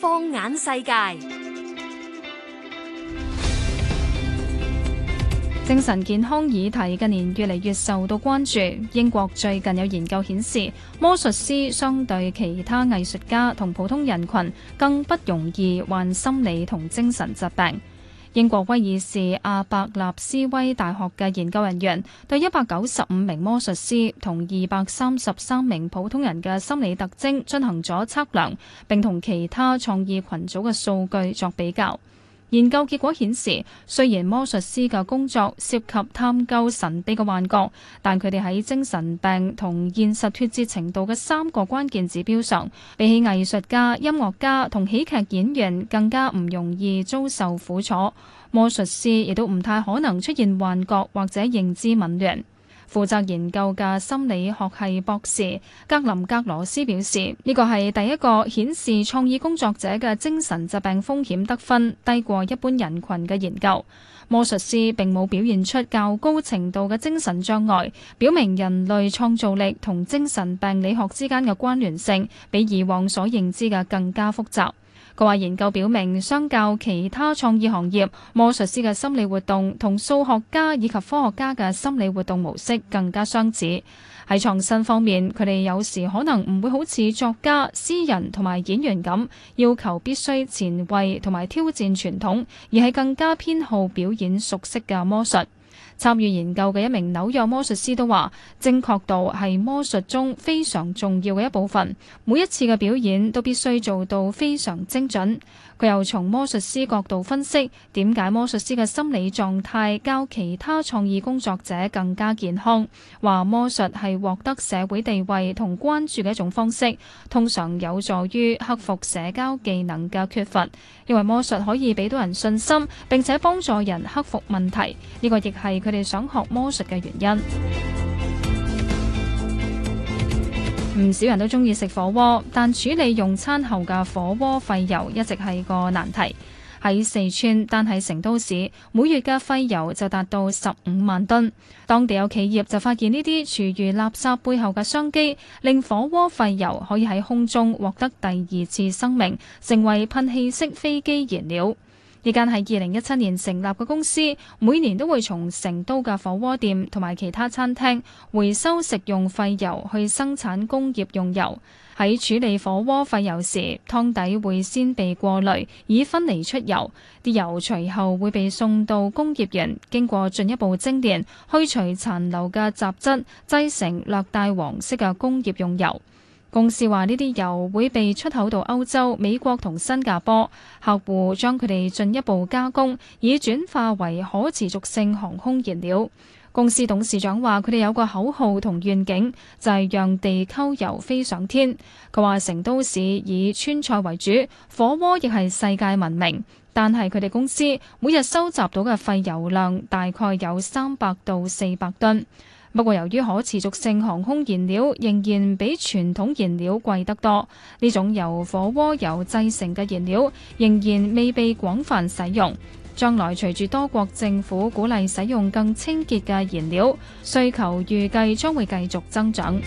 放眼世界，精神健康議題近年越嚟越受到關注。英國最近有研究顯示，魔術師相對其他藝術家同普通人群更不容易患心理同精神疾病。英國威爾士阿伯納斯威大學嘅研究人員對一百九十五名魔術師同二百三十三名普通人嘅心理特徵進行咗測量，並同其他創意群組嘅數據作比較。研究結果顯示，雖然魔術師嘅工作涉及探究神秘嘅幻覺，但佢哋喺精神病同現實脫節程度嘅三個關鍵指標上，比起藝術家、音樂家同喜劇演員更加唔容易遭受苦楚。魔術師亦都唔太可能出現幻覺或者認知紊亂。負責研究嘅心理學系博士格林格羅斯表示：呢個係第一個顯示創意工作者嘅精神疾病風險得分低過一般人群嘅研究。魔術師並冇表現出較高程度嘅精神障礙，表明人類創造力同精神病理學之間嘅關聯性比以往所認知嘅更加複雜。佢話研究表明，相較其他創意行業，魔術師嘅心理活動同數學家以及科學家嘅心理活動模式更加相似。喺創新方面，佢哋有時可能唔會好似作家、詩人同埋演員咁要求必須前衛同埋挑戰傳統，而係更加偏好表演熟悉嘅魔術。參與研究嘅一名紐約魔術師都話，正確度係魔術中非常重要嘅一部分，每一次嘅表演都必須做到非常精準，佢又從魔術師角度分析，點解魔術師嘅心理狀態較其他創意工作者更加健康。話魔術係獲得社會地位同關注嘅一種方式，通常有助於克服社交技能嘅缺乏。認為魔術可以俾到人信心，並且幫助人克服問題，呢個亦係佢。哋想學魔術嘅原因，唔少人都中意食火鍋，但處理用餐後嘅火鍋廢油一直係個難題。喺四川，單喺成都市，每月嘅廢油就達到十五萬噸。當地有企業就發現呢啲廚餘垃圾背後嘅商機，令火鍋廢油可以喺空中獲得第二次生命，成為噴氣式飛機燃料。呢間喺二零一七年成立嘅公司，每年都會從成都嘅火鍋店同埋其他餐廳回收食用廢油，去生產工業用油。喺處理火鍋廢油時，湯底會先被過濾，以分離出油。啲油隨後會被送到工業園，經過進一步精煉，去除殘留嘅雜質，製成略帶黃色嘅工業用油。公司話呢啲油會被出口到歐洲、美國同新加坡，客戶將佢哋進一步加工，以轉化為可持續性航空燃料。公司董事長話：佢哋有個口號同願景，就係、是、讓地溝油飛上天。佢話成都市以川菜為主，火鍋亦係世界聞名，但係佢哋公司每日收集到嘅廢油量大概有三百到四百噸。不過，由於可持續性航空燃料仍然比傳統燃料貴得多，呢種由火鍋油製成嘅燃料仍然未被廣泛使用。將來，隨住多國政府鼓勵使用更清潔嘅燃料，需求預計將會繼續增長。